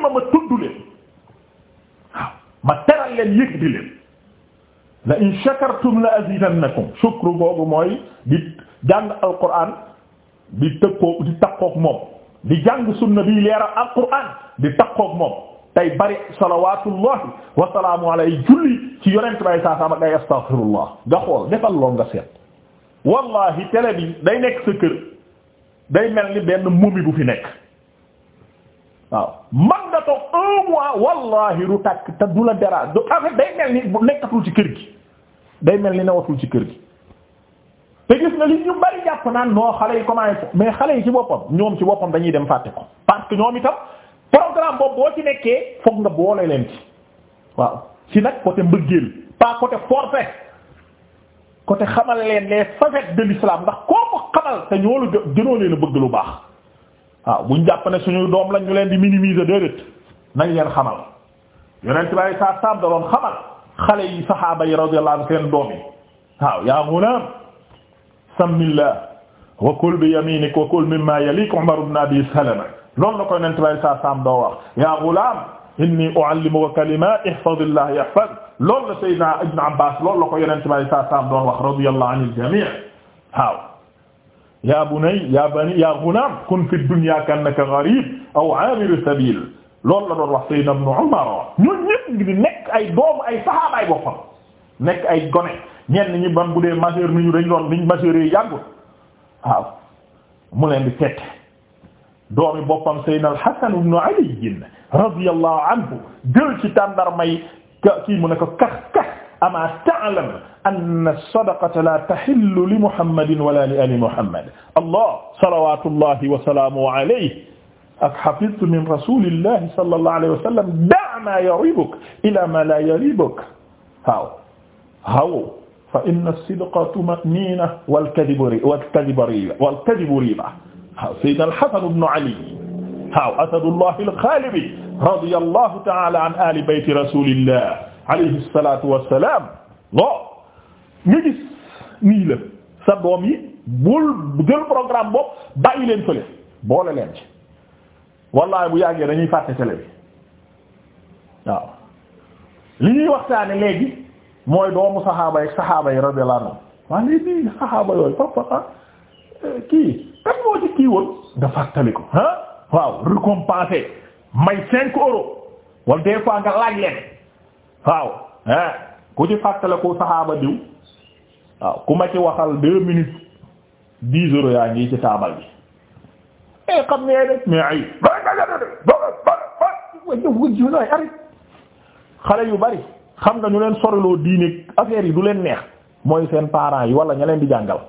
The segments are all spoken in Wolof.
leen ma ma tudd leen waaw ma teral leen yëg di leen la in shakartum la azidannakum shukru boobu mooy di jàng alquran di tëkkoog di takkoog moom di jàng sunna bi leeral alquran di takkoog moom tey bari salawatullahi wa salaamu alayhi julli ci yonent bay saa sama ngay nga xool defal loo nga seet wallahi télé bi day nekk sa kër day mel ni benn mumi bu fi nekk waaw man nga toog un mois wallahi du tàkk te du la dérange du en day mel ni nekkatul ci kër gi day mel ni newatul ci kër gi te gis na li ñu bari jàpp naan noo xale yi commencé mais xale yi ci boppam ñoom ci boppam dañuy dem fàtte ko parce que ñoom itam programme boobu boo ci nekkee fokk nga boole leen ci waaw ci nag côté mbëggeel pas côté forfait côté xamal leen les facettes de l'islam ndax koo ko xamal te ñoo la gënoo leen bëgg lu baax. waaw buñ jàpp ne suñuy doom lañ ñu leen di minimiser déedéet nañ leen xamal yonent bi saa saam da doon xamal xale yi saxaaba yi radiyallahu anhum seen doom yi waaw yaa ghulam samillah wa kul bi yaminik wa kul mimma yalik Umar ibn Abi Salama loolu la ko yonent bi saa saam doo wax yaa ghulam inni u'allimuka kalimaat ihfazillah yahfaz loolu la Seydina Ibn Abbas loolu la ko yonent bi saa saam doon wax radiyallahu anil jami' waaw ya bunay ya bani ya ghulaam kun fi dunya kannaka gharib aw aabir sabil loolu la doon wax sayyidna ibn umar ñun ñëpp ngi di nekk ay doomu ay sahaaba ay boppam nekk ay gone ñenn ñi ban bu dee majeur ni ñu dañ doon niñ majeur yi yàggul waaw mu leen di tette doomi boppam sayyidna al-hasan ibn ali radiyallahu anhu jël ci tàndar may kii mu ne ko kax kax amaa ta'lam anna sadaqata la tahillu li muhammadin wala li ali muhammad allah salawatullahi wa salaamuhu alayhi ak hafidtu min rasulillahi sallallahu alayhi wa sallam da' ma yaribuk ila ma la yaribuk waaw waaw fa inna as-sidqa tuma'nina wal kadhibu riba waaw sayyidina al-Hasan ibn Ali waaw asadullah al-Ghalibi radiyallahu ta'ala an ali bayti rasulillah alayhi salaatu wassalaam non nga gis nii la sa doom yi bul jël programme bopp bàyyi leen fële boole leen ci wallahi bu yàggee dañuy fàtte télé bi waaw li ñuy waxtaane léegi mooy doomu saxaaba yi saxaaba yi radiyallahu anhum waa léegi saxaaba yooyu papa ah kii kan moo ci kii woon nga fàttali ko ah, waaw récompenser may cinq euros wala des fois nga laaj leen waaw ah ku ci fàttaliku saxaaba diw waaw ku ma ci waxal deux minutes dix euros yaa ngi ci taabal bi. xam nga yu bari xam nga ñu leen soriloo diine affaire yi du leen neex mooy seen parent yi wala ña leen di jàngal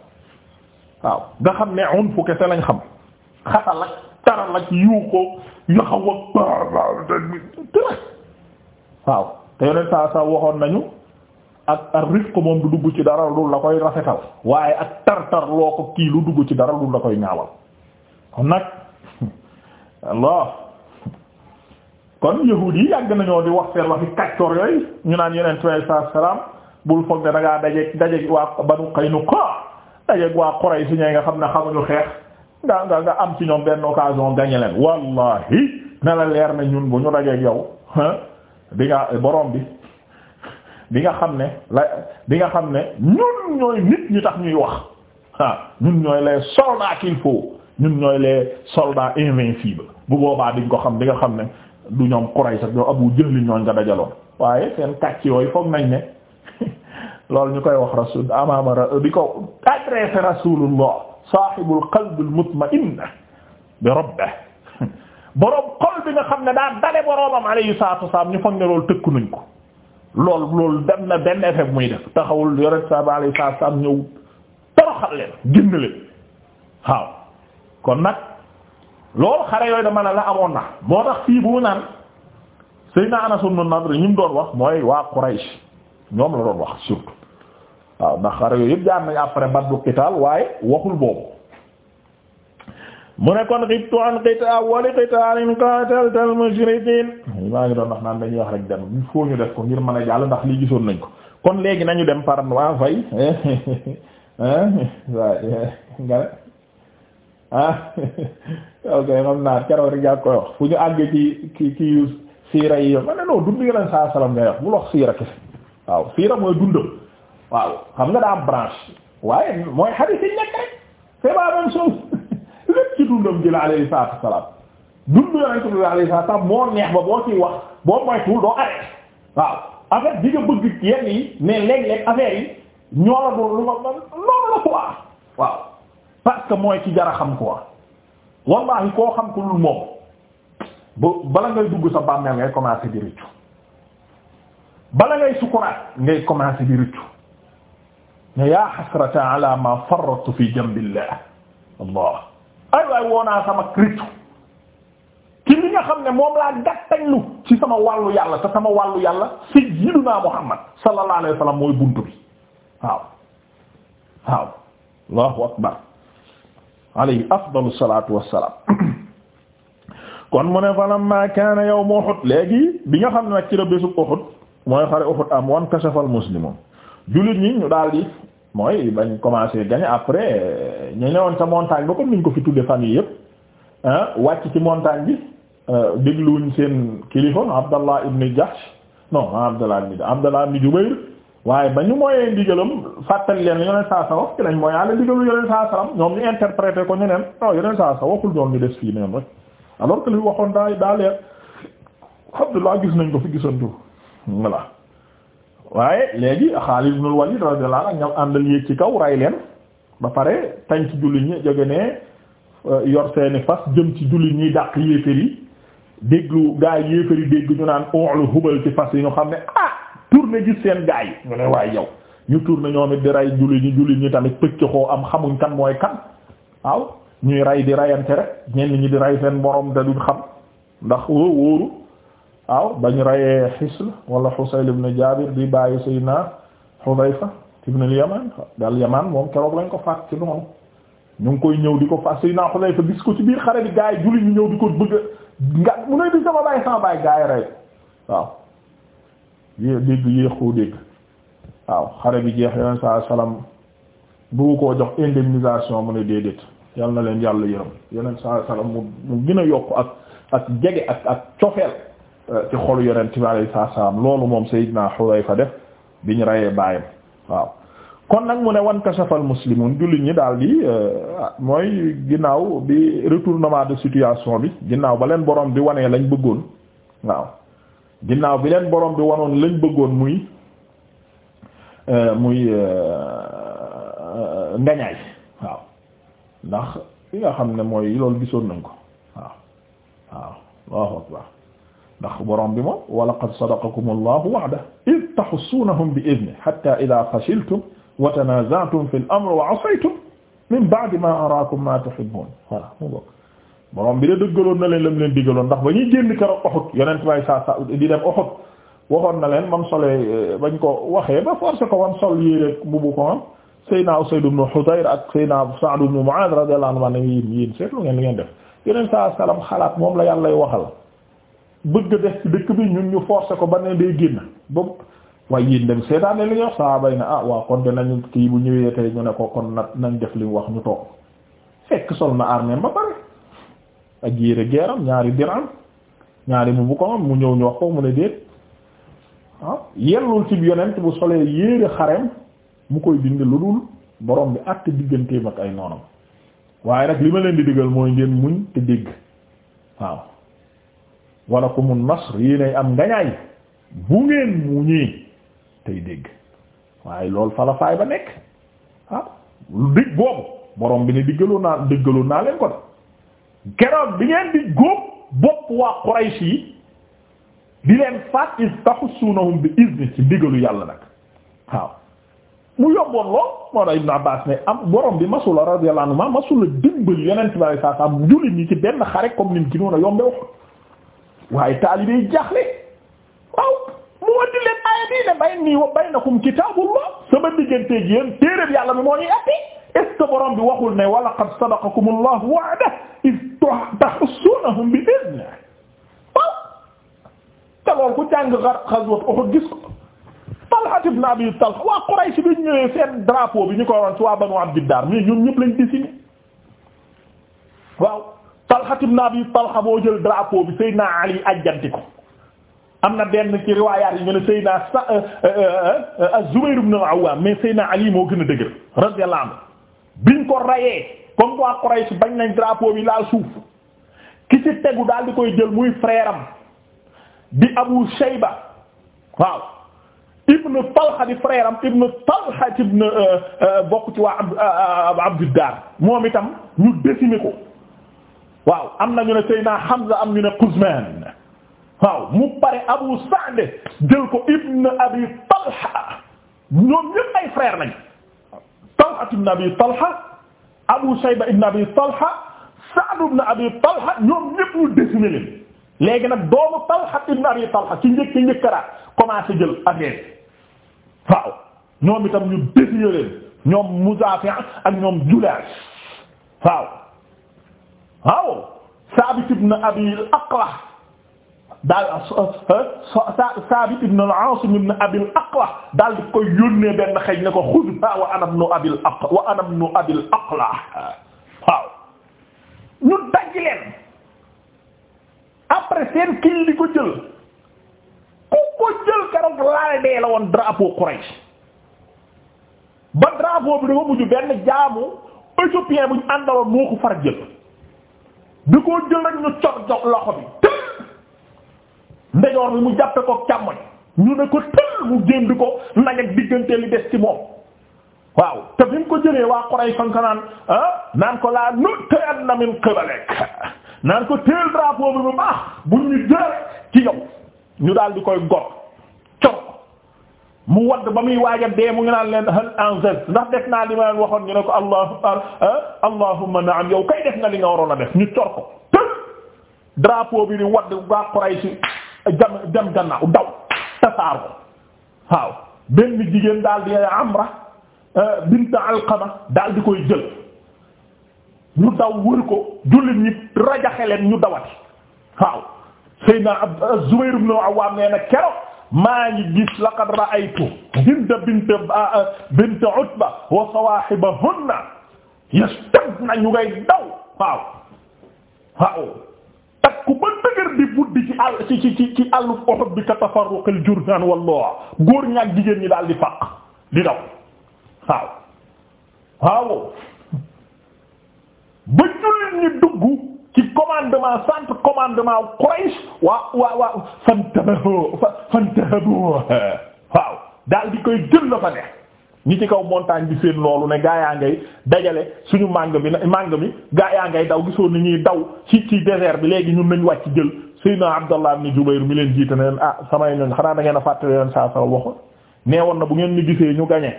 waaw nga xam ne un fu kese lañ xam xatal ak taral ak yu yaxaw ak waaw. te yoneen saa saa waxoon nañu ak ak rif moom du dugg ci dara lu la koy rafetal waaye ak tartar loo ko kii lu dugg ci dara lu la koy ñaawal nag Allah kon yahuud yi yàgg nañoo di wax seen waxi kaccoor yooyu ñu naan yeneen tuway saa salaam bul foog ne da ngaa dajeeg dajeeg waa Banu Qaynuqa dajeeg waa Quraysh si ñooy nga xam ne xamuñu xeex nga nga nga am ci ñoom benn occasion gagné leen wallahi na leer na ñun bu ñu dajeeg yow bi nga borom bi bi nga xam ne la bi nga xam ne ñun ñooy nit ñi tax ñuy wax ah ñun ñooy les soldats qu'il faut ñun ñooy les soldats invincibles bu boobaa diñ ko xam di nga xam ne du ñoom Quraysh sax ñoo Abu Jahl ñooñ nga dajaloon waaye seen kàcc yooyu foog nañ ne loolu ñu koy wax rasul amama di ko adressé rasulullah sahibul qalb al bi rabbih boroom xol bi nga xam ne daa dale boroomam alayhi salaatu wasalaam ñu foog ne loolu tëkku nañ ko lool loolu dem na benn effet bu muy def taxawul yore sa ba alayhi salaatu wasalaam ñëw toroxal leen génn leen waaw kon nag loolu xare yooyu dama ne la amoon na moo tax fii bu naan Seydina Anas ibn Nadr ñi mu doon wax mooy waa Quraysh ñoom la doon wax surtout waaw ndax xare yooyu yëpp jaar nañ après baddu kitaal waaye waxul boobu mu ne kon xibtu an qitaa wali qitaalin qaatalta al maa ngi doon wax naan dañuy wax rek dem il ñu def ko ngir mën a jàll ndax lii gisoon nañ ko kon léegi nañu dem par waa fay nga ah ok xam naa keroog rek yaa koy wax fu ñu àggee ci ki ki siira yi yoon ma ne non dund yeneen saa salaam ngay wax mu wax siira kese waaw siira mooy dundam waaw xam nga daa branche waaye mooy xarit yi nekk rek c'est la même dundam jël alayhi salaatu wassalaam dundu yonent bi alayhi salaatu wassalaam moo neex ba boo ciy wax boo moytuwul doo arrêté waaw affaire bi nga bëgg yenn yi mais léeg-léeg affaire yi ñoo la doon lu ma loolu la quoi waaw parce que mooy ci jara xam quoi wallahi koo xam ko lul moom ba bala ngay dugg sa bàmmeel ngay commencer di rëccu bala ngay sukuraat ngay commencer di rëccu ne yaa xasrata ala ma farrattu fi jambillah allah ay waay naa sama Kristu ci li nga xam ne moom laa gàttañlu ci sama wàllu yàlla te sama wàllu yàlla sayyiduna Muhammad sallallahu alayhi wasallam mooy buntu bi waaw waaw allahu akbar alayhi afdalu salatu wassalam kon mu ne falamma kaana yawmu Uhud léegi bi nga xam ne nag ci la bésub Uhud mooy xare Uhud am wan kashafa al jullit ñi ñu daal di mooy bañ commencé gagner après euh, ñu newoon sa montagne ba comme niñ ko fi tudde famille yëpp wàcc ci montagne bi euh, dégluwuñ seen kilifa Abdallah ibn Jahsh non Abdallah ibn Abdallah ibn Jubayr waaye ba ñu mooyee ndigalam fàttali leen yoneen saa sa wax ci lañ mooy la ndigalu yoneen saa sa ñoom ñu interprété ko ñu neen non yoneen saa sa waxul ñoom ñu des fii neen rek alors que li waxoon daa daa leer gis nañ ko fi gisantu voilà waaye léegi Xaalid ibn Walid radiyallahu la ñam àndal yéeg ci kaw ray leen ba pare tañ ci jullit ñi jóge ne euh, yor seeni fas jëm ci jullit ñi dàq yéeféer yi déglu gaa yi yéeféer yi dégg ñu naan onlu hubal ci fas yi ñu xam ne ah tourné gis seen gaa yi ñu ne waaye yow ñu tourné ñoom it di ray jullit ñi jullit ñi tamit pëcc xoo am xamuñ kan mooy kan waaw ñuy ray di rayante rek ñenn ñi di ray seen borom da duñ xam ndax wóoru waaw bañ rayee Hisl wala Husayl ibn Jaabir di bàyyi Seydina Hudayfa ibn al-Yaman dal Yaman moom keroog lañ ko faat ci noonu ñu ngi koy ñëw di ko faat Seydina Hudayfa gis ko ci biir xare bi gaa yi jullit ñu ñëw di ko bëgg nga mu ne di sama baay sama baay gaa yi rey waaw yé dégg yéexoo dégg waaw xare bi jeex yoon saa salaam bu ko jox indemnisation mu ne déedéet yal na leen yàlla yërëm yeneen saa salaam mu mu gën a yokk ak ak jege ak ak cofeel ci xolu yonent bi alayhi salaam loolu moom Seydina Hudayfa def biñ rayee baayam waaw kon nag mu ne wan kashafal muslimun jullit ñi daal di euh, mooy ginnaaw bi retournement de situation bi ginnaaw ba leen borom bi wanee lañ bëggoon waaw ginnaaw bi leen borom bi wanoon lañ bëggoon muy euh, muy euh, ngañaay waaw ndax li nga xam ne mooy loolu gisoon nañ ko waaw waaw waaw waaw ndax borom bi moom wa laqad sadaqakum allahu wa'dahu id tahussunahum bi idnihi hatta idha fashiltum wa tanaza'tum fil amri wa 'asaytum min ba'di ma araakum ma tuhibbun voilà mu bokk borom bi de dëggaloon na leen lam leen digaloon ndax ba ñuy génn keroog Uhud yonent bay saa sa di dem Uhud waxoon na leen mam solee eh, bañ ko waxee ba forcé ko wam sol yéere bubu ko mam Seydina Usayd ibn Hudayr ak Seydina Sa'd ibn Mu'adh radiyallahu anhu yéen yéen seetlu ngeen li ngeen def yeneen saa salaam xalaat moom la yàlla lay waxal bëgg def ci dëkk bi ñun ñu forcer ko ba ne day génn boobu waaye yéen dem seetaane li ñuy saa bay na ah waaw kon de nañu kii bu ñëwee tey ñu ne ko kon nag nañ def li wax ñu toog fekk sol na armée ba pare ak yére geeram ñaari diram ñaari bu bu mu ñëw ñu wax ko mu ne déet ah yellul ci yonent bu solee yére xarem mu koy bind lu dul borom bi àtt digganteem ak ay noonam waaye nag li ma leen di digal mooy ngeen muñ te dégg waaw wala kumun nasr yéenay am ngañaay bu ngeen muñee tey dégg waaye loolu fa ba nekk ah dig boobu borom bi ne diggaloo naa diggaloo naa leen ko de keroog bi ngeen di góob bopp waa Quraysh yi di leen faat is taxusunahum bi izni ci diggalu yàlla nag waaw mu yomboon lool moo tax Ibn Abbas ne am borom bi masula radiyallahu anhu masula dimbali yeneen ci bari saa saa jullit ñi ci benn xare comme ni mu a yombe waaye taalibe yi jaaxle waaw mu waddi leen aaya bii ne bay nii wa baynakum kitaabullah sama digganteeg yéen téeréb yàlla mi moo ñuy atti est-ce que borom bi waxul ne wa laqad sadaqakum allahu wa'dahu iz tahussunahum bi idnihi waaw te loolu ku jàng ghazwat Uhud gis ko Talha ibn Abi Talha waa Quraysh bi ñu ñëwee seen drapeau bi ñu ko waroon ci waa Banu Abdiddar mais ñoom ñëpp lañ décimé waaw Talha ibn Abi Talha moo jël drapeau bi Seydina Ali ajjanti ko am na benn ci riwaayaat yi ñu ne Seydina euh, euh, euh, zubayr ibn al-Awwam mais Seydina Ali moo gën a dëgër radiyallahu anhu biñ ko rayee comme quoi Quraysh bañ nañ drapeau bi laal suuf ki ci tegu daal di koy jël muy frère am di Abu Shayba waaw ibnu Talha di frère am ibnu Talha ibn bokk ci waa Abd moom itam ñu décimé ko. waaw am na ñu ne Seydina Hamza am ñu ne waaw mu pare Abu Sa'd jël ko Ibn Abi Talha ñoom ñëpp ay frère lañ Talha ibn Abi Talha Abu Shayba ibn Abi Talha Sa'd ibn Abi Talha ñoom ñëpp ñu désigné leen léegi nag doomu Talha ibn Abi Talha ci njëkk ci njëkkaraat commencé jël affaire waaw ñoom itam ñu désigné leen ñoom Muzafi' Julaas waaw. waaw Saabit ibn Abi al-Aqla daal ah, ah, Saabit ibn al-Aasim ibn Abi al daal di koy yónnee benn xëy na ko xudhaa wa wa ana ibnu Abi al waaw ñu daj leen après seen kii ko jël ku ko jël keroog laal dee la woon drapeau Quraysh ba drapeau bi dafa mujj benn jaamu éthiopien bu ñu àndaloon moo ko far jël. da koo jël rek ñu cor jox loxo bi tël ndejoor bi mu jàppe ko càmmoñ ñu ne ko tël mu génn di ko nag diggante li des ci moom waaw te bi mu ko jëlee waa Quraysh fanka ah, naan ko laa nu tëyan na min qibalek naan ko teel drapeau bi bu baax bu ñu jël ci yow ñu daal di koy gor mu wadd ba muy waaj a dee mu ngi naan leen hal anzaz ndax def naa li ma leen waxoon ñu ne ko allahu ah, allahumma naam yow kay def nga li nga waroon a def ñu cor ko tël bi di wadd waa Quraysh jam jam gannaaw daw tasaar ko waaw benn jigéen daal di Amra ah, bint Alqama daal di koy jël ñu daw wër ko jullit ñi rajaxe ñu dawati waaw Seydina Zubayr ibn Awwam nee na keroog maa ngi gis laqad ra'aytu Hind bint ah, ah, bint Utba wa sawaahibahunna yastabna ñu ngay daw waaw waaw takku ba dëgër di buddi ci àll ci ci ci ci àllu Uhud bi ka tafarruqil jurhan wallah góor ñaak jigéen ñi daal di faq di daw waaw waaw ba jullit ñi dugg ci commandement commandement Quraish waaw daal di koy jël la fa ne ñi kaw montagne bi seen loolu ne gaa yaa ngay dajale suñu màng bi màng mi gaa yaa ngay daw gisoon ni ñuy daw ci ci désert bi léegi ñun nañ wàcc jël Seydina Abdallah ibn Jubayr mi leen jiite ne leen ah samay ñoñ xanaa da ngeen a fàttali leen saa saa waxoon nee woon na bu ngeen ñu gisee ñu gañe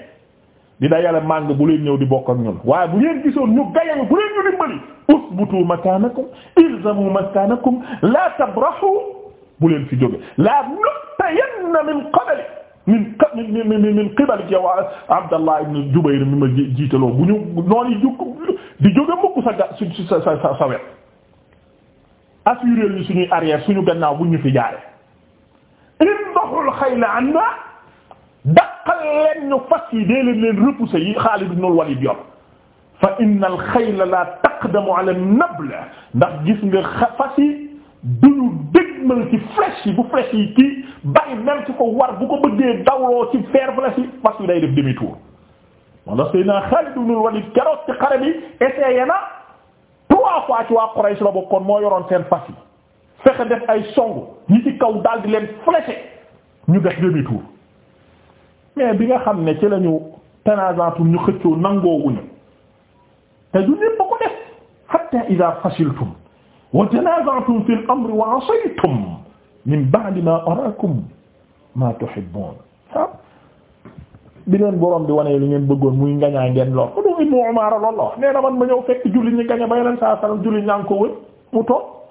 di yàlla màng bu leen ñëw di bokk ak ñun waaye bu ngeen gisoon ñu gayalu bu leen ñu dimbali usbutu makanakum ilzamu makanakum la tabrahu bu leen fi jóge la nuqtayanna min qabli min min min qibalik yow Abdallah ibn Jubayr mi ma jiitaloo bu ñu noonu jukk di jóge ko sa ga su sa sa sa wet assuré ñu suñuy arrière suñu gannaaw bu ñu fi jaare indahu al khayla daqal leen ñu fas yi dee leen leen repousser yi Xaalid ibn Walid yor fa innal xayla la taqdamu ala nabla ndax gis nga fas yi duñu dégmal ci flèche yi bu flèche yi kii bàyyi même ci ko war bu ko bëggee dawloo ci fer flèche yi fas yi day def demi tour wala Seydina Xaalid ibn Walid keroog ci xare bi essayé na trois fois ci waa Quraysh la bokkoon moo yoroon seen fas yi fexe def ay songu ñi ci kaw daal di leen fléché ñu def demi mais bi nga xam ne ci lañu tanaazatum ñu xëccoo nangoowuñu te du ñépp ko def hatta idha fashiltum wa tanaazatum fil amri wa asaytum min ba'di ma araakum ma tuhibbun bi leen borom bi wanee li ngeen bëggoon muy ngañaa ngeen lool ko du ibnu Umar lool nee na man ma ñëw fekk julli ñi gaña ba yeneen saa salaam julli ñaa ngi ko wër mu toog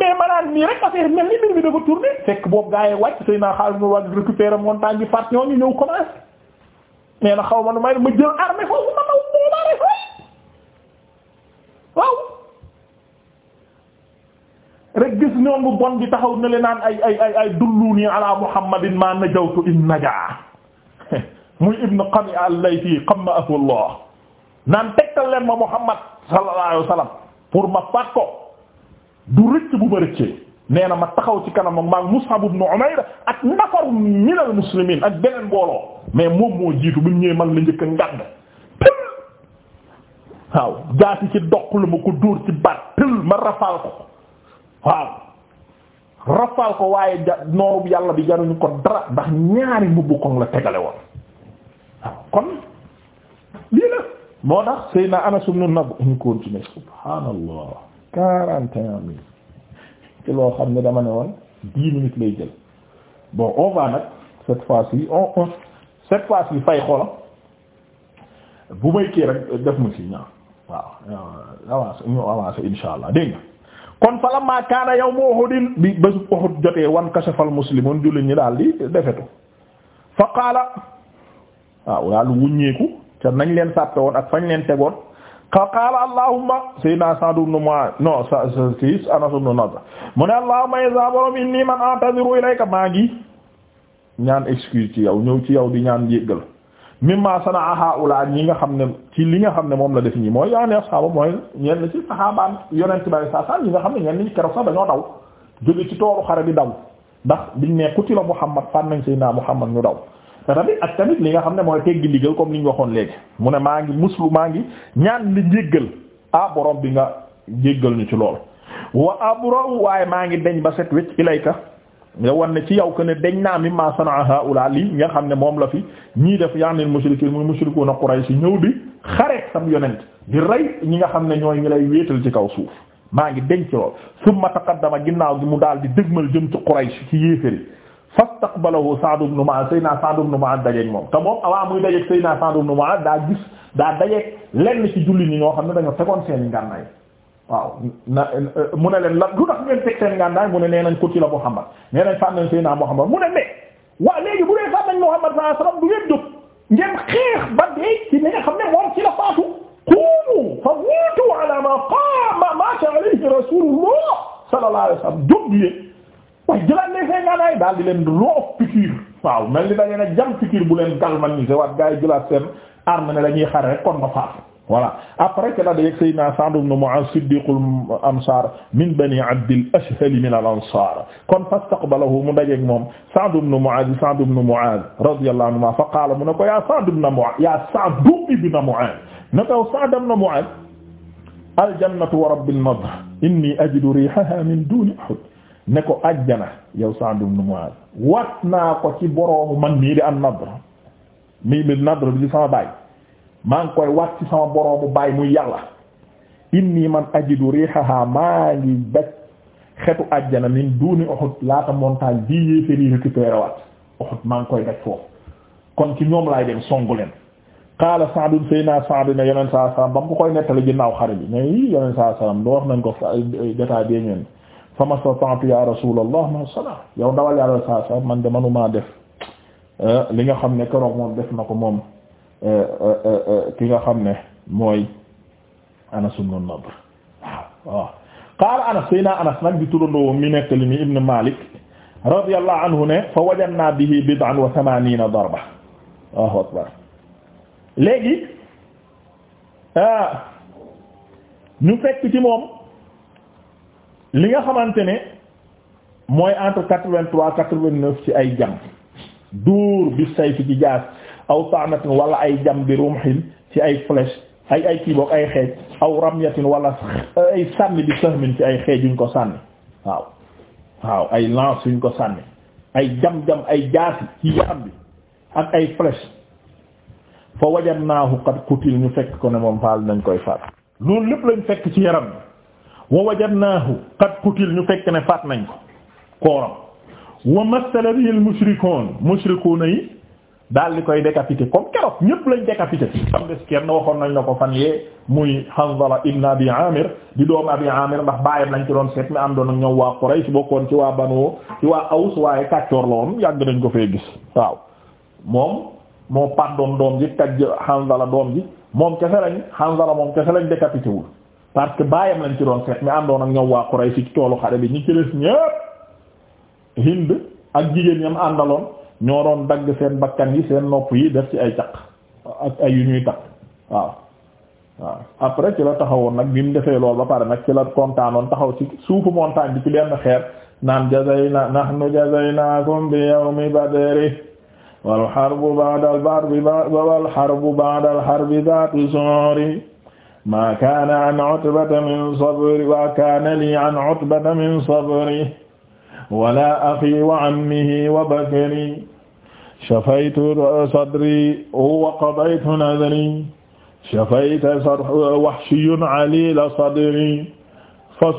mais maanaam nii rek affaire mel ni mbir mi dafa tourné fekk boobu gaa yi wàcc sëy naa xaalis mu wàcc récupérer montagne nee na xaw ma nu may ma jël armée foofu ma naw boobaare fooy waaw rek gis ñoom bu bon gi taxaw na le naan ay ay ay ay dullu nii ala muhammadin ma najawtu in najaa muy ibnu qami al-laythi qamma ahu allah naan tegtal leen ma muhammad sallallahu alayhi wasallam pour ma fàtt du rëcc bu ma rëccee nee ma taxaw ci kanama maa Mus'ab ibn Umayr ak nafar min al ak beneen mbooloo mais moom moo jiitu bu ñëwee man la njëkk a ngàdd waaw jaasi ci doq lu ma ko dóor ci baat pël ma rafaal ko waaw rafaal ko waaye ja nooru yàlla bi jaruñu ko dara ndax ñaari mbubb koŋ la tegale woon waaw kon lii la moo tax Seydina Anas ibn Nadr ñu continuer subhaanallah quarante et un mille xam ne dama ne woon dix minutes lay jël bon on nag cette fois yi on on cette fois-ci fay xolam bu may kii rek def ma si ñaar ah. waaw euh, avancé ñu avancé insha allah dégg nga kon fala ma kaana yawmu Uhudin bi bésub Uhud jotee wan kashafal muslimun jullit ñi daal di defetu fa qaala waaw daal wuññeeku ca nañ leen sàppe woon ak fañ leen tegoon qaala allahumma sayyidina Sa'd ibn Mu'adh non sa sa si Anas ibn Nadr mu ne allahumma iza borom inni man a'taziru ilayka maa ngi ñaan excuse ci yow ñëw ci yow di ñaan jéggal mimma sanaa haula ñi nga xam ne ci li nga xam ne moom la def ñi mooy yaani ashaaba mooy ñenn ci saxaabaan yonent bi saa saa ñi nga xam ne ñenn ñi keroog sax dañoo daw jóge ci tooru xare bi daw ndax biñ ne qutila Muhammad fan nañ sayyidina Muhammad ñu daw te tamit ak tamit li nga xam ne mooy teggi ndigal comme li ñu waxoon léegi mu ne maa ngi muslu maa ngi ñaan li njéggal ah borom bi nga jéggal ñu ci lool wa abra'u waaye maa ngi deñ ba set wecc ilayka nga wan ne ci yow que ne deñ naa mi ma sanaa haula lii nga xam ne moom la fi ñii def yaanil mushrikiin muy mushrikuuna Quraysh ñëw di xareet sam yonent di rey ñi nga xam ne ñooy ñi lay wéetal ci kaw suuf maa ngi deñ ci lool summa taqaddama ginnaaw gi mu daal di dëgmal jëm ci Quraysh ci yéeféri fastaqbalahu Sa'd ibn Mu'adh Seyna Sa'd ibn Mu'adh dajeeg moom te moom avant muy dajeeg Seyna Sa'd ibn Mu'adh daa gis daa dajeeg lenn ci julli ñi ñoo xam ne dañoo tegoon seen ngànnaay waaw na mu ne leen la lu tax ngeen teg seen ngànnaay mu ne nee nañ kutila Muhammad nee nañ fànn Seyna Muhammad mu ne mais waaw léegi bu dee fànn Muhammad sallallahu alayhi wasallam du ngeen jóg ngeen xeex ba dee ci li nga xam ne moom ci la faatu qumu fa mutu ala ma qama ma alayhi rasulullah sallallahu alayhi wasallam waaye jëlaat ne seen ngànnaay daal di leen roof pikiir waaw mel ni da ngeen a jam pikiir bu leen galvanisé waat gaa yi jëlaat seen arme ne dañuy xare rek kon nga faatu voilà après que la dayeg sayyidina Sa'd ibn Mu'az siddiqul ansar min bani abdil ashhal min al ansar kon fastaqbalahu mu dajeeg moom Sa'd ibn Mu'az Sa'd ibn Mu'az radiyallahu anhu fa qaala mu ne ko yaa Sa'd ibn Mu'az yaa Sa'd ibn Mu'az na taw Sa'd ibn Mu'az al jannatu wa rabbil nadr inni ajidu rihaha min duni uhud ne ko ajjana yow Sa'd ibn Mu'adh wat naa ko ci boroomu man mii di an nadr mii mi nadr bi sama baay maa ngi koy wat ci sama boroomu baay muy yàlla inni man ajidu rihaha maa ngi daj xetu ajjana min duuni Uhud laata montagne bii yéeféri récupéré wat Uhud maa ngi koy daj foofu kon ci ñoom laay dem songu leen qaala Sa'd sayna Sa'd ne yoneen saa sallam ba mu ko koy nettali ginnaaw xare bi mais yoneen saa sallam do wax nañ ko jotaa bee ñeen fa mastata'tu ya rasulallah ma sala yow ndawal yàlla saa sa man de manuma def euh, li nga xam ne keroog moom def na ko moom euh, euh, ki nga xam ne mooy Anas ibn Nadr waaw qaala Anas sayna Anas nag di turandoo mi nekk li mi Ibn Malik radiyallahu anhu ne fa wajadna bihi bid'an wa thamanina darba Allahu akbar léegi ñu fekk ci moom li nga xamante ne mooy entre quatre-vingt-trois quatre-vingt-neuf ci ay jam duur bi saytu ci jaas aw ta'natin wala ay jam bi rumhin ci ay flèche ay ay kii ay xeej aw ramyatin wala ay sànni bi sahmin ci ay xeej yuñ ko sànni waaw waaw ay lance yuñ ko sànni ay jam-jam ay jaasi ci yaram bi ak ay flèche fa wajadnaahu qad qutil ñu fekk ko ne moom faal nañ koy faat loolu lépp lañ fekk ci yaram bi wa wajadnaahu qad qutil ñu fekk ne faat nañ ko kooram wa masala bihi al mushrikuun mushrikuuna yi daal di koy décapité comme keroog ñëpp lañ décapité am des kenn waxoon nañ la ko fan yee muy Hanzala ibn Abi Amir di doomu Abi Amir ndax baayam lañ ci doon seet mi am doon ak ñoom waa Quraysh bokkoon ci waa Banu ci waa Aws waaye kàccoor la woon yàgg nañ ko fee gis waaw moom moo pàddoon doom ji kaj Hanzala doom ji moom kese lañ Hanzala moom lañ décapité wul parce que baayam lañ ci doon seet mi àndoon ak ñoom waa Quraysh ci toolu xare bi ñi ci des ñépp Hind ak jigéen ñam àndaloon ñoo doon dagg seen bakkan yi seen nopp yi def ci ay caq ak ay yu ñuy takk waaw waaw après ci la taxawoon nag bi mu defee lool ba pare nag ci la kontaanoon taxaw ci suufu montagne bi ci benn xeer naan jazayna nahnu jazaynaakum bi yawmi badri wal harbu ba'da al harbi wal harbu ba'da al harbi zaatu suri ma kaana an utbata min sabri wa kaana li an utbata min sabri wala axi wa ammihi wa bakri shafaytu sadri wa qadaytu nadri shafayta wahshiyyun alila sadri fa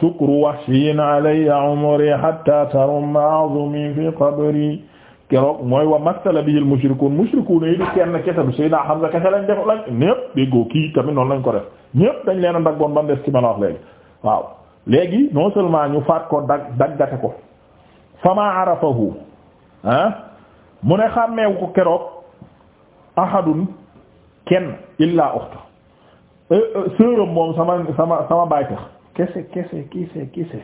shukru wahshiyyin alayya umri hatta tarumma a'zumi fi qabri keroog mooy wa masala bihil mushrikuun mushrikuun yi di kenn kese du Seydina Hamza kese lañ def lañ ñëpp déggoo kii tamit noonu lañ ko def ñëpp dañ leen a daggoon ba mu des ci ma la wax léegi waaw léegi non seulement ñu faat ko dag daggate ko fama arafahu ah mu ne xàmmeewu ko keroog ahadun kenn illaa uxta e, e, sëram moom sama sama sama baay tax kese kese kese kese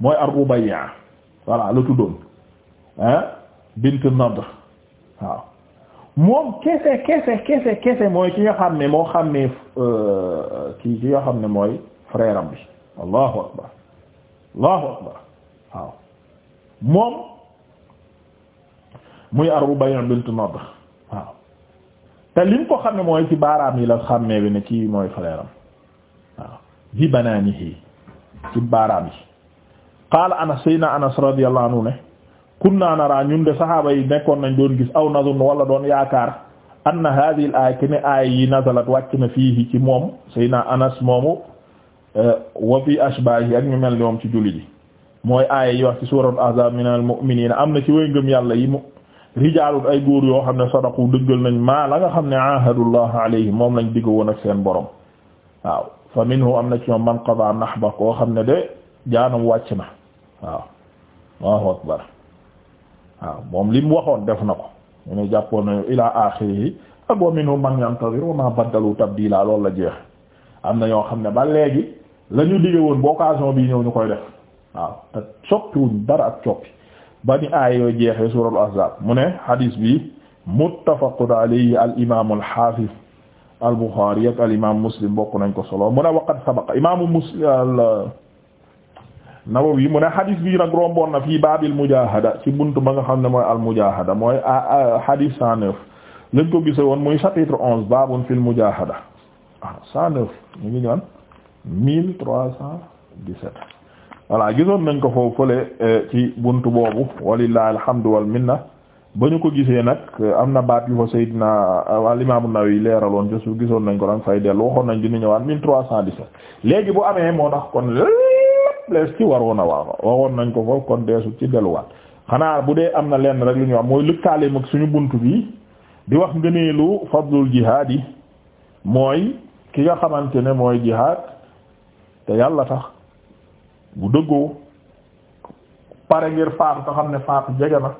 mooy ar-Rubayya la tuddoon ah bint Nadr waaw moom kese kese mooy ki nga xam moo xam ne euh, kii ki nga xam ne mooy frère am bi allahu akbar allahu akbar moom muy Arbay' bint Nadr waaw te lim ko xam ne mooy ci baaraam yi la xàmmee bi ne kii mooy frère am waaw bi banaanihi ci baaraam Anas sayna Anas radiyallahu anhu ne kunna nara ñun de saxaaba yi nekkoon nañ doon gis aw na wala doon yaakaar anna hadhihi al aaya ne aaya yi nazalat wàcc na fiihi ci moom sayna anas moomu eh, wa fi ashbaahi ak ñu mel ni moom ci julli ji mooy aaya yi wax ci suuratul ahzaab minal am na ci way ngëm yàlla yi mu rijaalul ay góor yoo xam ne sadaqu dëggal nañ maa la nga xam ne ahadullah alayhi moom lañ digg woon ak seen borom waaw fa minhu am na ci ñoom man qadaa nahba koo xam ne de jaanam wàcc na waa waaw moom li mu waxoon def na ko ñu ne jàppoon na ilaa axirihi ak wa minhum man yantazir wa ma baddalu tabdila loolu la jeex am na ñoo xam ne ba léegi lañu ñu dige woon ba occasion bii ñëw ñu koy def waaw te soppiwuñ dara ak coppi ba ni aay yooyu jeexee suuratul ahzaab mu ne hadis bi muttafaqun alayhi al imaamu al haafiz al buxaari ak al imaamu muslim bokk nañ ko solo mu ne waqad sabaqa imaamu muslim Nawawi mu ne hadis bii nag romboon na fii baabil mujaahada ci bunt ba nga xam ne mooy al mujaahada mooy hadis ah, ah, 109 lañ ko gise woon muy chapitre 11 baabun fil mujaahada ah 109 ñu ngi ñaan 1317 voilà gisoon nañ ko foofu fële eh, ci buntu boobu walillahi alhamdu wal minna ba ñu ko gisee nag eh, am na baat yu fa Seydina eh, al imam naw yi leeraloon ci su gisoon nañ ko danga fay dellu waxoon nañ dina ñëwaat 1317 léegi bu amee moo tax kon. lees ci waroon a waaw waxoon nañ ko foofu kon deesu ci delluwaat xanaa bu dee am na lenn rek lu ñuy wax mooy lëkkaaleem ak suñu bunt bi di wax nga lu fadlul jihaad yi mooy ki nga xamante ne mooy jihaad te yàlla tax bu dëggoo pare ngir faatu te xam ne faatu jege na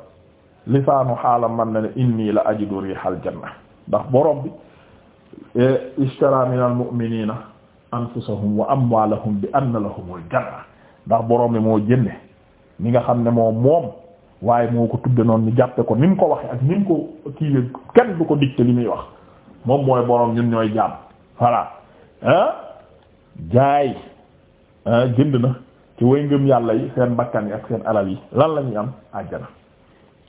lisaanu xaalam man na ne inni la ajidu rihal janna ndax borom bi eh, ishtara minal mu'minina anfusahum wa amwalahum bi anna lahumul janna ndax boroom bi moo jënde ni nga xam ne moo moom waaye moo ko tudde noonu ñu jàppe ko ni mu ko waxe ak ni mu ko kii kenn du ko dicté li muy wax moom mooy borom ñun ñooy jaam voilà ah jaay jënd na ci way ngëm yàlla yi seen bakkan yi ak seen alal yi lan la ñuy am àjjana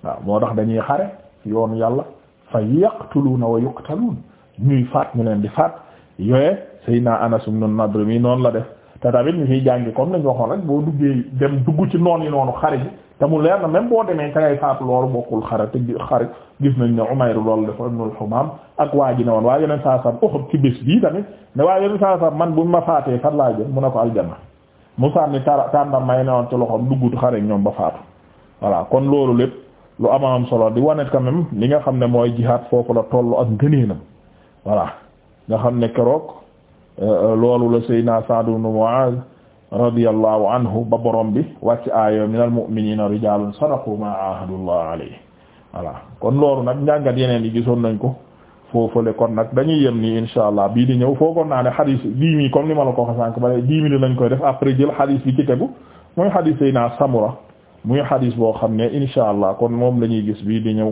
waaw moo tax dañuy xare yoon yàlla fa na wa yuqtaluun ñuy faat ñu leen di faat yooye Seydina Anas ibn Nadr mi noonu la def te tamit ñu fiy jàngi comme nañ waxoon rek boo duggee dem dugg ci noon yi noonu xare ji te mu leer na même boo demee ca ngay faatu loolu bokkul xare te gis nañ ne Umayr loolu dafa Ibnul Humam ak waa ji ne woon waa yeneen saa sam waa yeneen saa man bu ma faatee fan laa jëm mu ne ko aljanna mu sànni tar tàndar may ne woon ci loxoom duggut xare ñoom ba faatu voilà kon loolu lépp lu am am solo di wane quand même li nga xam ne mooy jihaad foofu la tollu ak ngëneelam voilà xam ne keroog loolu la Seydina Sa'd ibn Mu'adh radiyallahu anhu ba borom bi wàcc aayo minal mu'minina rijalun sadaqu ma ahadullah alayhi voilà kon loolu nag njàngat yeneen yi gisoon nañ ko foofale kon nag dañuy yem nii insha allah bii di ñëw foogoon naa ne xadis dix mille ni ma la ko xasànk bale dix mille lañ koy def après jël xadis bi ci tegu muy xadis Seydina Samura muy xadis boo xam ne insha allah kon moom la ñuy gis bii di ñëw